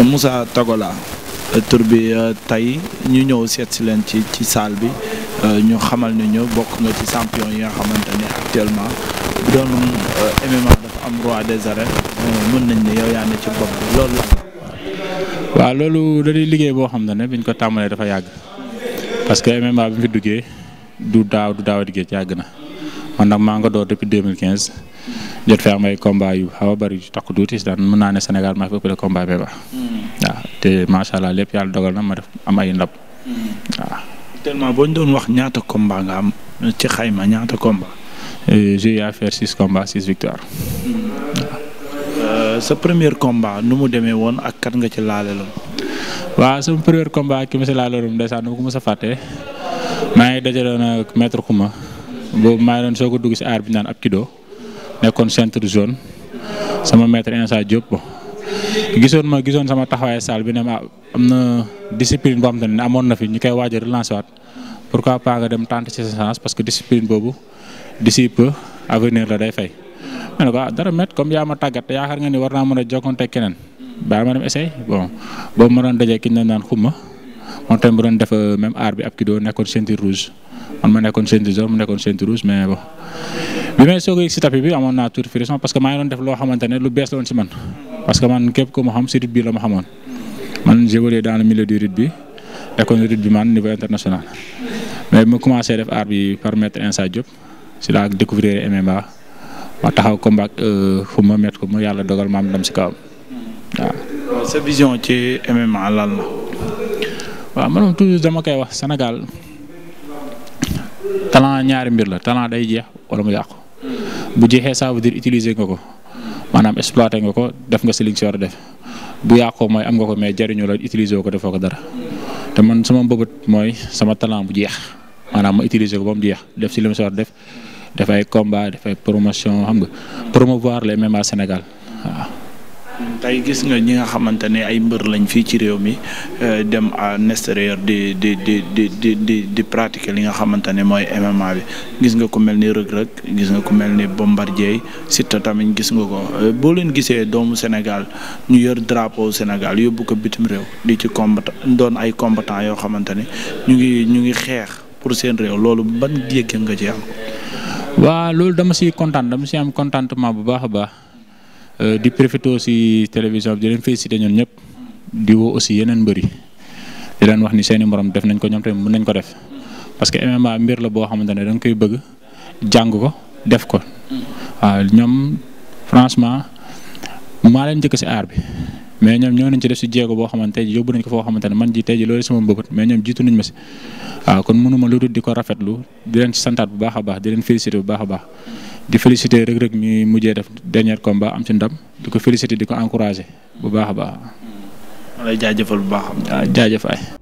Euh, Moussa Tagola euh, tur bi euh, tey ñu ñëw seet si leen ci ci salle bi ñu xamal ni ñu bokk nga ci champion yi nga xamante ni actuellement bu doon MMA dafa am roi des arènes mën nañ ne yow yaa ne ci bopp loolu la. waaw loolu dañuy liggéey boo xam ne biñ ko tàmbalee dafa yàgg parce que MMA bi mu fi duggee du daaw du daaw a liggéey ci yàgg na man nag maa nga door depuis 2015. jot fi am ay combat yu xaw a bëri yu takku tuuti daan mën naa ne Sénégal maa fi ëppale combat bee ba. Hmm. waaw te macha allah lépp yàlla dogal na ma def am ay ndab. Hmm. waaw. tellement boo doon wax ñaata combat nga am ci xayma ñaata combat. Euh, j'ai eu à faire six hmm. euh, sa premier combat nu mu demee woon ak kat nga ci laaleeloon. waaw sama premier combat ki ma si laaleeloon ndeysaan nu ma ko mos a fàttee maa ngi dajaloon ak maître Xuma maa ngi doon soog a dugg si aar bi naan ab kido. nekkoon centre zone sama maître Insa Diop gisoon ma gisoon sama taxawaay salle bi ne a am na discipline boo xam te ne amoon na fi ñu koy waaj a relancer waat pourquoi pas nga dem tenter ci sa parce que discipline boobu d'ici peu avenir la day fay. ma ne ko ah, dara met comme yaa ma tàggat yaakaar nga ni war naa mën a jokkonte keneen baax ma dem essayé bon boobu ma doon dajee ki ñu naan ma moom tamit bu doon def euh, même art bi ab kii doo nekkoon ceinture rouge man ma nekkoon ceinture jaune mu nekkoon ceinture rouge mais bon. bi may soog a yëg si bi amoon naa tuuti frustration parce que maa ngi doon def loo xamante ne lu bees la woon man parce que man képp ko ma xam si rythme bi la ma xamoon man j'évolue dans le milieu du bi école rythme bi man niveau international mais bi ma commencé def art bi par maître Insa Diop si laa découvrir MMA ma taxaw combat euh, fu ma met ko ma yàlla dogal ma am ndam si kawam waaw. sa vision ci MMA lan la. waaw man toujours dama koy wax Sénégal talent ñaari mbir la talent day jeex wala mu yàqu. bu jeexee ça veut utiliser nga ko maanaam exploité nga ko def nga si li nga war a def bu yàqoo mooy am nga ko mais jariñu la utiliser ko defoo ko dara te man sama mbëbët mooy sama talent bu jeex maanaam ma utiliser ko ba mu jeex def si li ma si war def def ay combat def ay promotion xam nga promouvoir les MMA Sénégal waaw. tey gis nga ñi nga xamante ne ay mbër lañ fii ci réew mi euh, dem à l'extérieur di di di di di pratiquer li nga xamante ne mooy MMA bi gis nga ko mel ni Reug Reug gis nga ko mel ni Bombardier Siteu tamit gis nga ko euh, boo leen gisee doomu Sénégal ñu yor drapeau Sénégal yóbbu ko bitim réew di ci combattant doon ay combattant yoo xamante ne ñu ngi ñu ngi xeex pour seen réew loolu ban yëg nga ci am. waa loolu dama si kontaan dama si am contentement bu baax a baax. Euh, di profité si télévision bi di leen félicité ñoom ñëpp di woo aussi yeneen mbër yi di leen wax ni seeni morom def nañ ko ñoom tamit mën nañ ko def parce que MMA mbir la boo xamante ne da koy bëgg jàng ko def ko waaw ñoom franchement maa leen njëkk si aar bi mais ñoom ñoo nañ ci def si jéego boo xamante ne yóbbu nañ ko foo xamante ne man ji tey ji loolu sama mbëbët mais ñoom jiitu nañ ma si waaw kon mënuma lu dul di ko rafetlu di leen ci santaat bu baax a baax di leen félicité bu baax a baax. di félicité rek rek mi mujjee def dernier combat am ci ndam di ko félicité di ko encourager bu baax a baax. Mm. ma lay jaajëfal bu baax. jaajëf ay